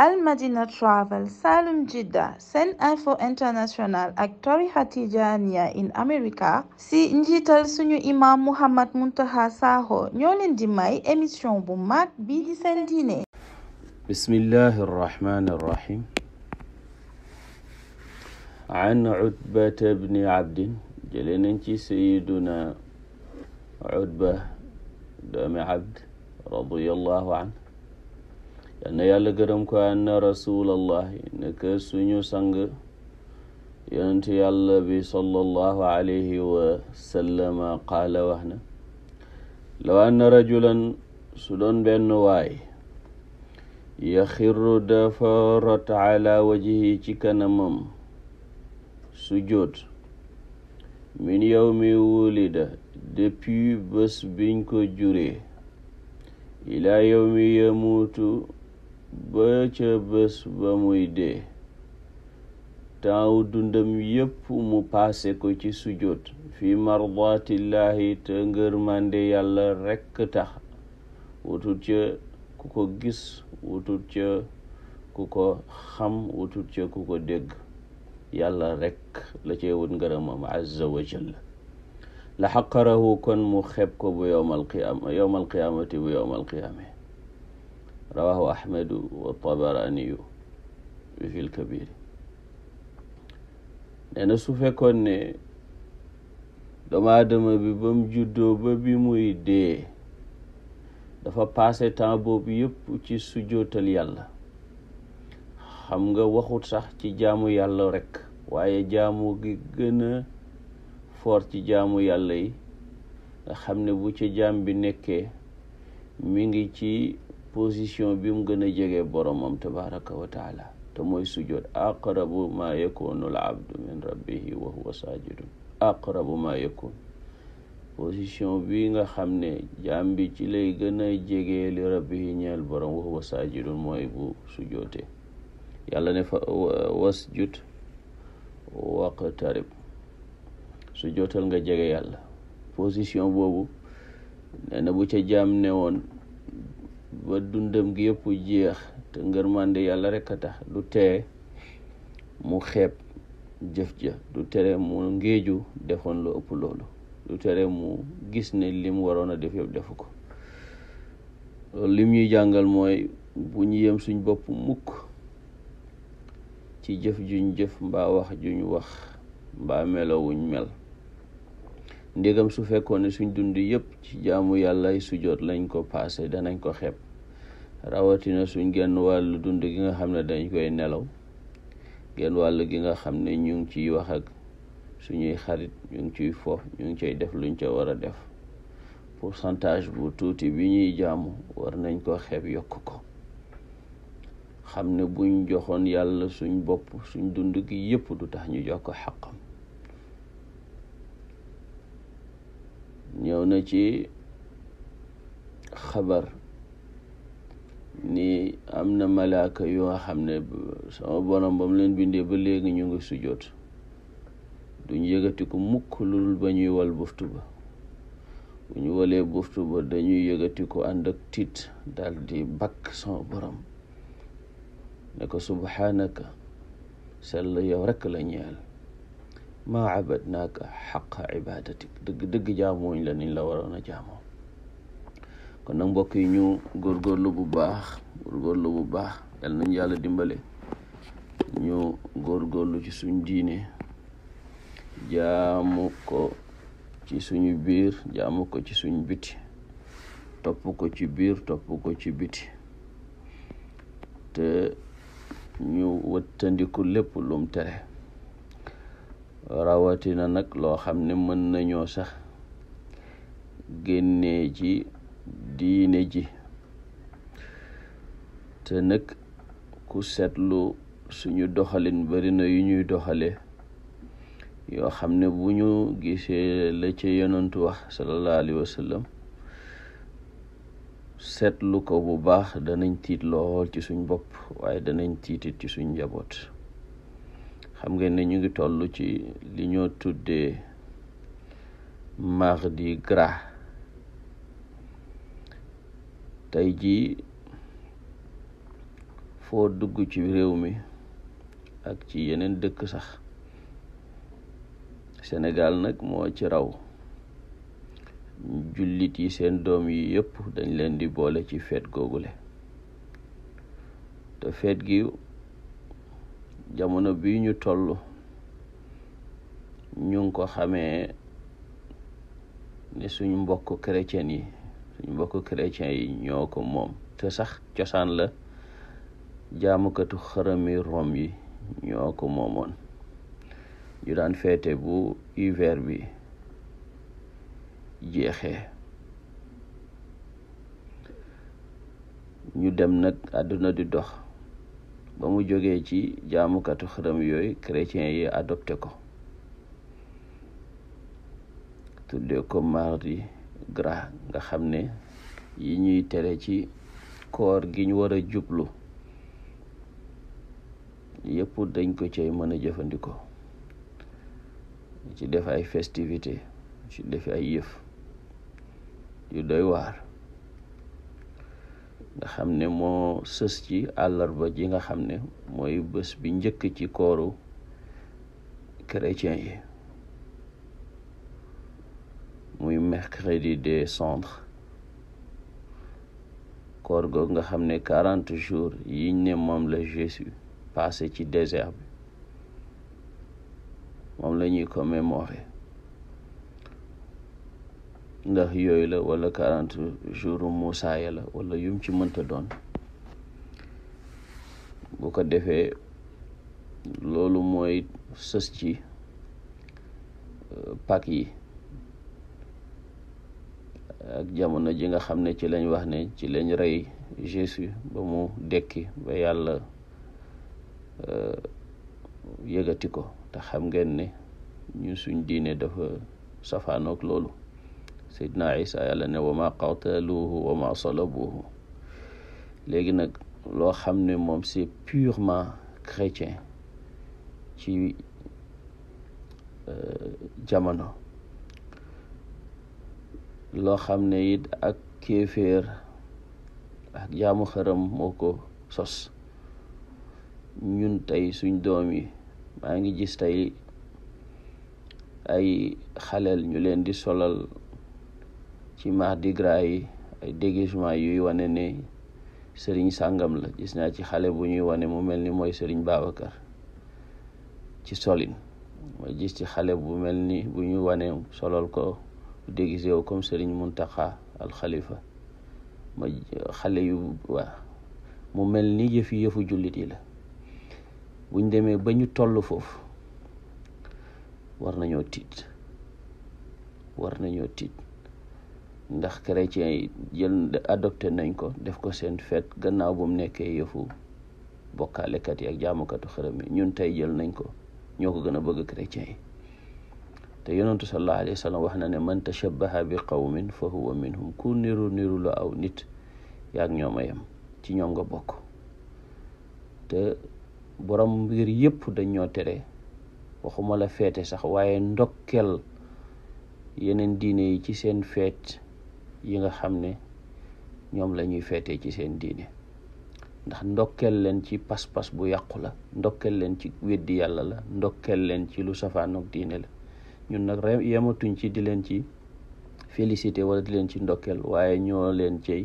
al madina travel salum jidda sen info international ak tarixa tijaniya in america si njiital suñu imam Mouhammad Muntaqa Sakho ñoo may émission bu mag bii di seen diine bismillahi arrahmani arrahim an utbata bni abdin jële nañ ci sayiduna utba doomi abd radiallahu an yal yàlla gërëm ko anna rasulallahi nekk suñu sang yonent yàlla bi sallallahu alayhi wa sallama qaala law anna rajulan su doon benn waay yaxiru dafa rot wajihi ci kanamam sujjóot min yawmi wulida depuis bés biñ ko juree yawmi yamuutu ba ca bés ba muy dee taaw dundam yépp mu paase ko ci sujjóot fi mardatillahi te ngër mande yàlla rekk tax wutut ca ku ko gis wutut ca ku ko xam wutut ca ku ko dégg yàlla rekk la cee wut ngërëmam azza wa jalla la xaqarahu kon mu xeeb ko bu yowmal qiyaama yowmal qiyaamati bu yowmal qiyaame rawaahu ahmadu wa tabaraaniyu bi fil kabiri nee su fekkoon ne doomu aadama bi ba mu juddoo ba bi muy dee dafa paase temps boobu yëpp ci sujjootal yàlla xam nga waxut sax ci jaamu yàlla rekk waaye jaamu gi gën a foor ci jaamu yàlla yi nga xam ne bu ca jaam bi nekkee mi ngi ci position bi mu gën a jege boromam tabaraka wa taala mooy sujjoot aqrabu ma yakunu al abdu min rabbihi wa huwa sajidun ma yakun position bi nga xam ne jaam bi ci lay gën a jege li rabbihi ñeel borom wa huwa mooy bu sujjootee yàlla ne fa wasjud waqtarib sujjootal nga jege yàlla position boobu nee bu ca jaam ne woon ba dundam gi yëpp jeex te màndi yàlla rekk a tax du tee mu xeeb jëf ja du tere mu ngéeju defoon lu ëpp loolu du tere mu gis ne lim waroon a def yëpp defu ko loolu lim ñuy jàngal mooy bu ñu yem suñ bopp mukk ci jëf juñ jëf mbaa wax juñ wax mbaa melo mel ndegam su fekkoon ne suñ dund yëpp ci jaamu yàlla sujoot lañ ko paase danañ ko xeeb rawatina suñ genn wàll dund gi nga xam ne dañ koy nelaw genn wàll gi nga xam ne ñu ngi ciy wax ak suñuy xarit ñu ngi ciy foof ñu ngi ciy def luñ ca war a def pourcentage bu tuuti bi ñuy jaamu war nañ ko xeeb yokk ko xam ne buñ joxoon yàlla suñ bopp suñ dund gi yëpp du tax ñu jox ko xaqam ñëw na ci xabar ni am na malaaka yoo xam ne sama borom bam leen bindee ba léegi ñu ngi sujjoot duñ yëgati ko mukk lul ba ñuy wal buftu ba bu ñu walee buftu ba dañuy yëgati ko ànd ak tiit dal di bakk sama borom ne ko subhaanaka sell yow rekk la ñeel maa abadnaaka xaqa ibadatik dëgg dëgg jaamooñ la niñ la waroon a jaamoo kon nag mbokk yi ñu góorgóorlu bu baax góorgóorlu bu baax yal nañ yàlla dimbale ñu góorgóorlu ci suñ diine jaamu ko ci suñu biir jaamu ko ci suñ biti topp ko ci biir topp ko ci biti te ñu wëttandiku lépp lum tere rawatina nag loo xam ne mën nañoo sax génnee ji diine ji te nag ku seetlu suñu doxalin barina yu ñuy doxalee yoo xam ne bu ñu gisee la ci yonantu wax sallallahu alayhi wa seetlu ko bu baax danañ tiit lool ci suñu bopp waaye danañ tiitit ci suñ njaboot xam ngeen ne ñu ngi tollu ci li ñoo tuddee mardi gras tey jii foo dugg ci réew mi ak ci yeneen dëkk sax senegal nag moo ci raw jullit yi seen doom yi yëpp dañ leen di boole ci feet googule te feet gi jamono bi ñu toll ñu ngi ko xamee ne suñ mbokk chrétien yi suñu mbokk chrétien yi ñoo ko moom te sax cosaan la jaamukatu xërami rom yi ñoo ko moomoon ñu daan feete bu hiver bi jeexee ñu dem nag àdduna di dox ba mu jógee ci jaamukatu xërëm yooyu crétien yi adopté ko tuddee ko mardi gras nga xam ne yi ñuy tere ci koor gi ñu war jublu yëpp dañ ko cay mën a jëfandikoo ci def ay festivité ci def ay yëf yu doy waar nga xam ne moo sës ci àllarba ji nga xam ne mooy bés bi njëkk ci kooru chrétien yi muy mercredi de cendres koor googu nga xam ne quarante jours yiñ ne moom la Jésus passé ci désert bi moom lañuy ñuy ndax yooyu la walla quarante jours Moussa la wala yum ci mënta doon boo ko defee loolu mooy sës ci euh, pak yi ak jamono ji nga xam ne ci lañ wax ne ci lañ rey Jésus ba mu dekki ba yàlla euh, yëgati ko te xam ngeen ne ñu suñ diine dafa safaanook loolu seydina isa yàlla ne wa ma qataluuhu wa léegi nag loo xam ne moom c'est purement chrétien ci euh, jamono loo xam ne it ak kéeféer ak jaamu xëram moo ko sos ñun tey suñ doom yi maa ngi gis tey ay xaleel ñu leen di solal ci Mardi Gras yi ay dégagement yuy wane ne sëriñ sàngam la gis naa ci xale bu ñuy wane mu mel ni mooy sëriñ Babacar ci solin ma gis ci xale bu mel ni bu ñu wane solol ko déguisé wu comme sëriñ Muntaxa al Khalifa ma xale yu waa mu mel ni yëfi yëfu jullit yi la buñ demee ba ñu toll foofu war nañoo tiit war nañoo tiit ndax cretien yi jël adopté nañ ko def ko seen feet gannaaw bu mu nekkee yëfu bokkaalekat yi ak jaamukatu xërëm yi ñun tey jël nañ ko ñoo ko gën a bëgg chrétien yi te yonentu sallallahu alayhi wax na ne man tashabbaha bi qawmin fa huwa minhum ku niru niru la aw nit yaag ñoom a yem ci ñoom nga bokk te borom mbir yépp dañ ñoo tere waxuma la feete sax waaye ndokkel yeneen diine yi ci seen feet yi nga xam ne ñoom lañuy ñuy ci seen diine ndax ndokkeel leen ci pas-pas bu yàqu la ndokkeel leen ci weddi yàlla la ndokkeel leen ci lu safaanoog diine la ñun nag yematuñ ci di leen ci félicité wala di leen ci ndokkeel waaye ñoo leen cey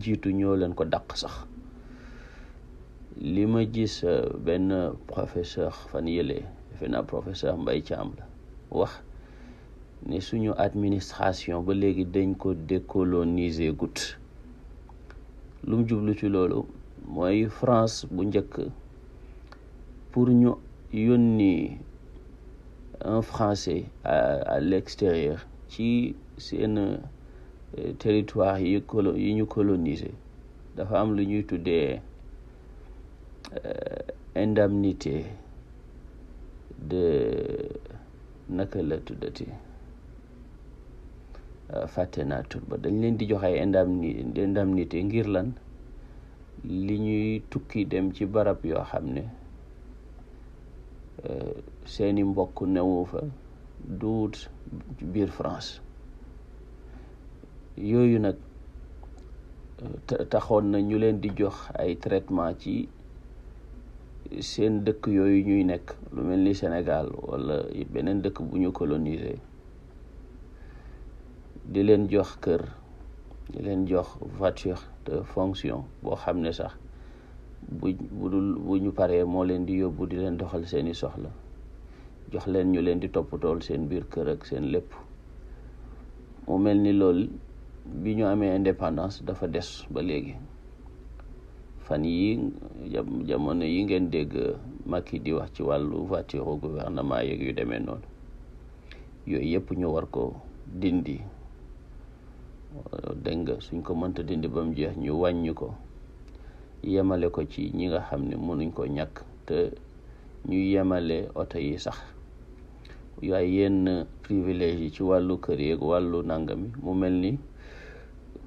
jiitu ñoo leen ko dàq sax li ma gis euh, benn professeur fan yëlee defe naa professeur Mbaye Thiam la wax ne suñu administration ba léegi dañ ko décoloniser gut lu mu jublu ci loolu mooy France bu njëkk pour ñu yónni en français à à l'extérieur ci seen euh, territoire yi colo ñu coloniser dafa am lu ñuy tuddee euh, indemnité de naka la tuddati Euh, fàtte naa tur ba dañ leen di jox ay indemni indemnité ngir lan li ñuy tukki dem ci barab yoo xam ne euh, seeni mbokk newu fa duut biir France yooyu nag euh, taxoon na ñu leen di jox ay traitement ci seen dëkk yooyu ñuy nekk lu mel ni Sénégal wala beneen dëkk bu ñu coloniser di leen jox kër di leen jox voiture de fonction boo xam ne sax bu bu dul bu ñu paree moo leen di yóbbu di leen doxal seeni soxla jox leen ñu leen di toppatool seen biir kër ak seen lépp mu mel ni lool bi ñu amee indépendance dafa des ba léegi fan yi jamono yi ngeen dégg Macky di wax ci wàllu voiture gouvernement yeeg yu demee noonu yooyu yëpp ñu war ko dindi Euh, dégg nga suñ ko mënta dindi ba mu jeex ñu wàññi ko yemale ko ci ñi nga xam ne mënuñ ko ñàkk te ñu yemale oto yi sax waaye yenn privilège yi ci wàllu kër yeeg wàllu nangami mu mel ni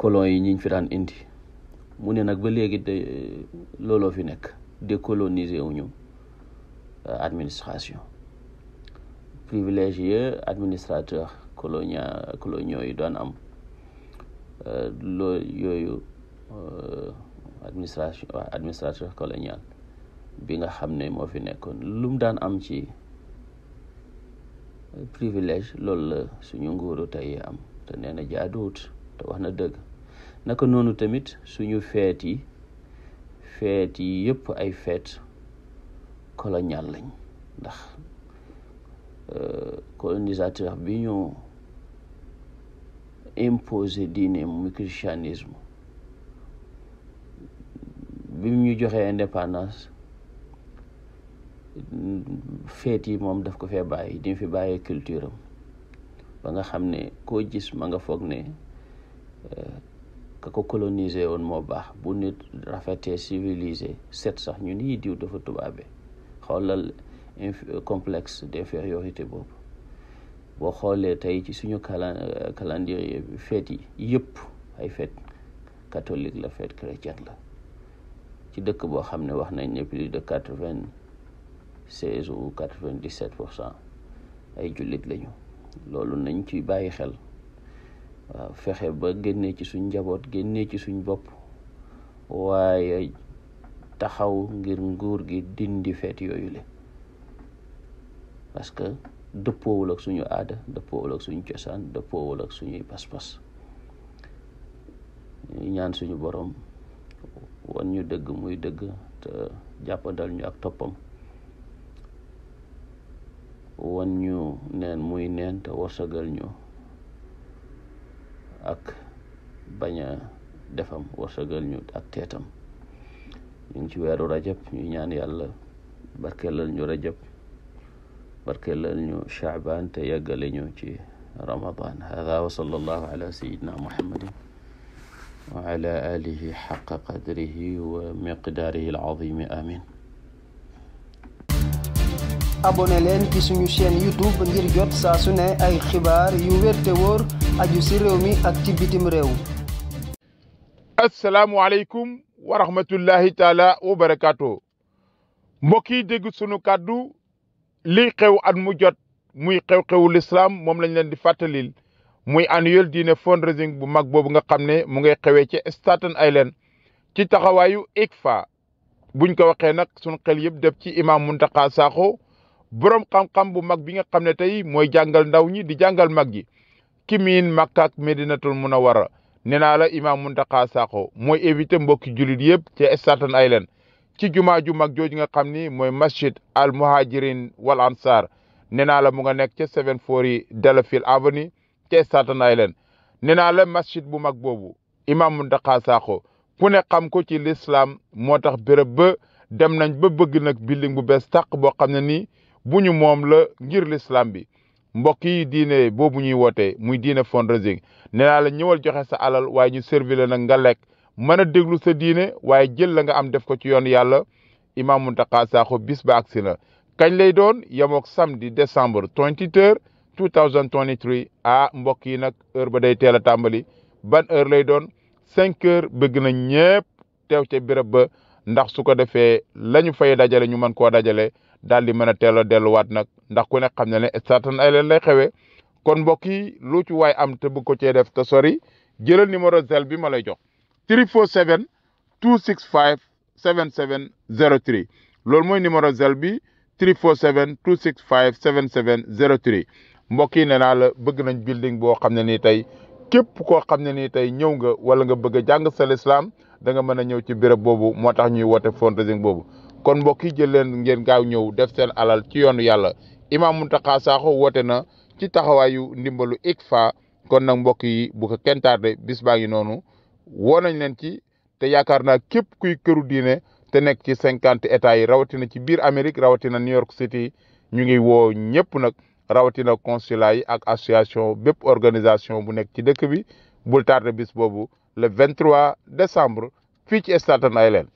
colon yi ñiñ fi daan indi mu ne nag ba léegi de looloo fi nekk décoloniser wuñu euh, administration privilège yi administrateur colonia coloniaux yi doon am loolu yooyu euh, administration administration coloniale bi nga xam ne moo fi nekkoon lu mu daan am ci privilège loolu la suñu nguuru tey am te nee jaaduwut te wax na dëgg naka noonu tamit suñu feet yi feet yi yëpp ay feet colonial lañ ndax euh, colonisateur bi ñu imposé diine mu christianisme bi ñu joxee indépendance feet yi moom daf ko fee bàyyi di fi bàyyee culture ba nga xam ne koo gis ma nga foog ne eh, ka ko coloniser woon moo baax bu nit rafetee civilisé set sax ñu nii diw dafa tubaabe xoolal complexe d'infériorité boobu boo xoolee tey ci suñu calen euh, calendrier yi yëpp ay fête catholique la fête chrétienne la ci dëkk boo xam ne wax nañ ne plus de quatre vingt seize ou quatre vingt dix cent ay jullit lañu loolu nañ ci bàyyi xel fexe ba génnee ci suñ njaboot génnee ci suñ bopp waaye taxaw ngir nguur gi dindi fête yooyu le parce que dëppoowul ak suñu aada dëppoowul ak suñu cosaan dëppoowul ak suñuy pas-pas ñaan suñu borom wan ñu dëgg muy dëgg te jàppandal ñu ak toppam won ñu neen muy neen te warsagal ñu ak bañ a defam warsagal ñu ak teetam ñu ngi ci weeru rajab ñu ñaan yàlla barkeelal ñu rajab barkeelal ñu Shacbaan te yàggale ñu ci Ramadan hada wa sallallahu ala sayyidina muhammadin wa ala alihi xaqa qadrihi wa miqdaarihi al-azimi amin abonné youtube ngir jot saa su ne ay xibaar yu wér te wóor aju mi ak ci bitim réew asalaamualeykum wa lii xew at mu jot muy xew-xewu lislaam moom lañ leen di fàttalil muy annuel dîner fundraising bu mag boobu nga xam ne mu ngay xewee ci Staten Island ci taxawaayu ICFA buñ ko waxee nag sunu xel yëpp def ci imam Muntaqa saako borom xam-xam bu mag bi nga xam ne tey mooy jàngal ndaw ñi di jàngal mag gi ki miin Makka ak Medinatul Munawwara nee naa la mun Muntaqa saako mooy éviter mbokki jullit yëpp ci Staten Island ci jumaa ju mag jooju nga xam ni mooy masjid al muhajirin wal ansar nee naa la mu nga nekk ca 740 Delafield Avenue ca Staten Island nee naa la masjid bu mag boobu imam Mountakha Sakho ku ne xam ko ci lislaam moo tax béréb ba dem nañ ba bëgg nag building bu bees tàq boo xam ne nii bu ñu moom la ngir lislaam bi mbokk yi diine boobu ñuy wootee muy diine fundraising nee naa la ñëwal joxe sa alal waaye ñu servi la nag nga lekk mën a déglu sa diine waaye jël la nga am def ko ci yoon yàlla Imam Mountakha Sakho bis ba si na kañ lay doon yemook samedi décembre 23 2023 ah mbokk yi nag heure ba day teel a tàmbali ban heure lay doon cinq heures bëgg na ñëpp teew ca béréb ba ndax su ko defee lañu ñu fay dajale ñu mën koo dajale daal di mën a teel a delluwaat nag ndax ku ne xam na ne certain ay leen lay xewee kon mbokk yi lu ci waay am te bëgg ko cee def te sori numéro zel bi ma lay jox 347 265 7703 loolu mooy numéro zel bi 347 265 7703 mbokk yi nee naa la bëgg nañ building boo xam ne nii tey képp koo xam ne nii tey ñëw nga wala nga bëgg a jàng sa lislaam da mën a ñëw ci béréb boobu moo tax ñuy woote fundraising boobu kon mbokk yi jël leen ngeen gaaw ñëw def seen alal ci yoonu yàlla Imam Mountakha Sakho woote na ci taxawaayu ndimbalu ICFA kon nag mbokk yi bu ko kenn tardé bis noonu woo nañ leen ci te yaakaar naa képp kuy këru diine te nekk ci cinquante états yi rawatina ci biir Amérique rawatina New York City ñu ngi woo ñëpp nag rawatina consulat ak association bépp organisation bu nekk ci dëkk bi bul tardé bis boobu le 23 décembre fii ci Staten Island